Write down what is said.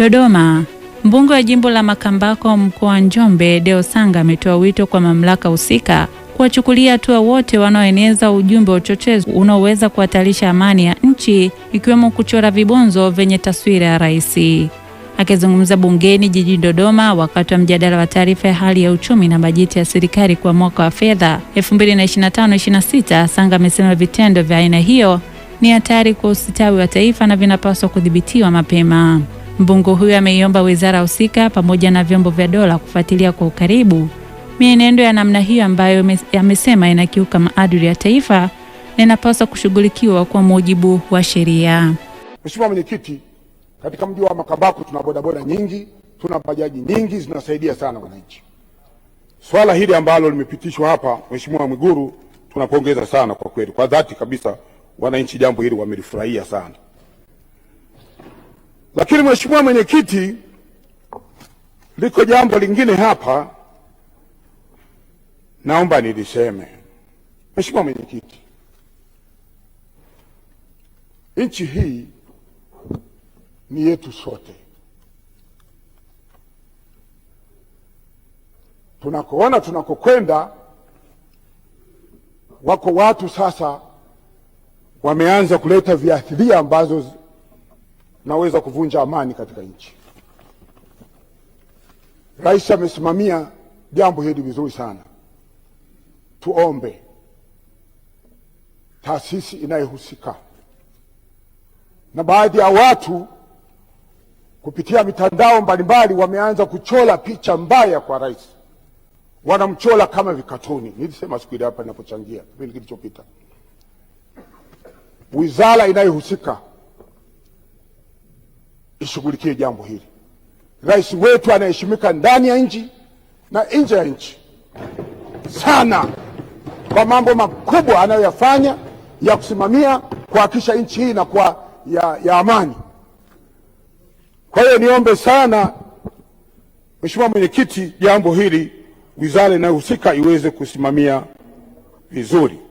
Dodoma, mbunge wa jimbo la Makambako mkoa wa Njombe Deo Sanga ametoa wito kwa mamlaka husika kuwachukulia hatua wote wanaoeneza ujumbe wa uchochezi unaoweza kuhatarisha amani ya nchi ikiwemo kuchora vibonzo vyenye taswira ya rais. Akizungumza bungeni jijini Dodoma wakati wa mjadala wa taarifa ya hali ya uchumi na bajeti ya serikali kwa mwaka wa fedha 2025/26, Sanga amesema vitendo vya aina hiyo ni hatari kwa usitawi wa taifa na vinapaswa kudhibitiwa mapema mbungu huyo ameiomba wizara husika pamoja na vyombo vya dola kufuatilia kwa ukaribu mienendo ya namna hiyo ambayo amesema inakiuka maadili ya taifa na inapaswa kushughulikiwa kwa mujibu wa sheria. Mheshimiwa Mwenyekiti, katika mji wa Makambako tuna bodaboda nyingi, tuna bajaji nyingi zinasaidia sana wananchi. Swala hili ambalo limepitishwa hapa, Mheshimiwa Mwiguru, tunapongeza sana kwa kweli, kwa dhati kabisa, wananchi jambo hili wamelifurahia sana. Lakini mheshimiwa mwenyekiti, liko jambo lingine hapa naomba niliseme. Mheshimiwa mwenyekiti, nchi hii ni yetu sote. Tunakoona tunakokwenda, wako watu sasa wameanza kuleta viathiria ambazo naweza kuvunja amani katika nchi. Rais amesimamia jambo hili vizuri sana. Tuombe taasisi inayohusika na baadhi ya watu kupitia mitandao mbalimbali wameanza kuchora picha mbaya kwa rais, wanamchora kama vikatuni. Nilisema siku ile hapa ninapochangia kipindi kilichopita, wizara inayohusika ishughulikie jambo hili. Rais wetu anaheshimika ndani ya nchi na nje ya nchi sana kwa mambo makubwa anayoyafanya ya kusimamia kuhakikisha nchi hii inakuwa ya, ya amani. Kwa hiyo niombe sana Mheshimiwa Mwenyekiti, jambo hili wizara inayohusika iweze kusimamia vizuri.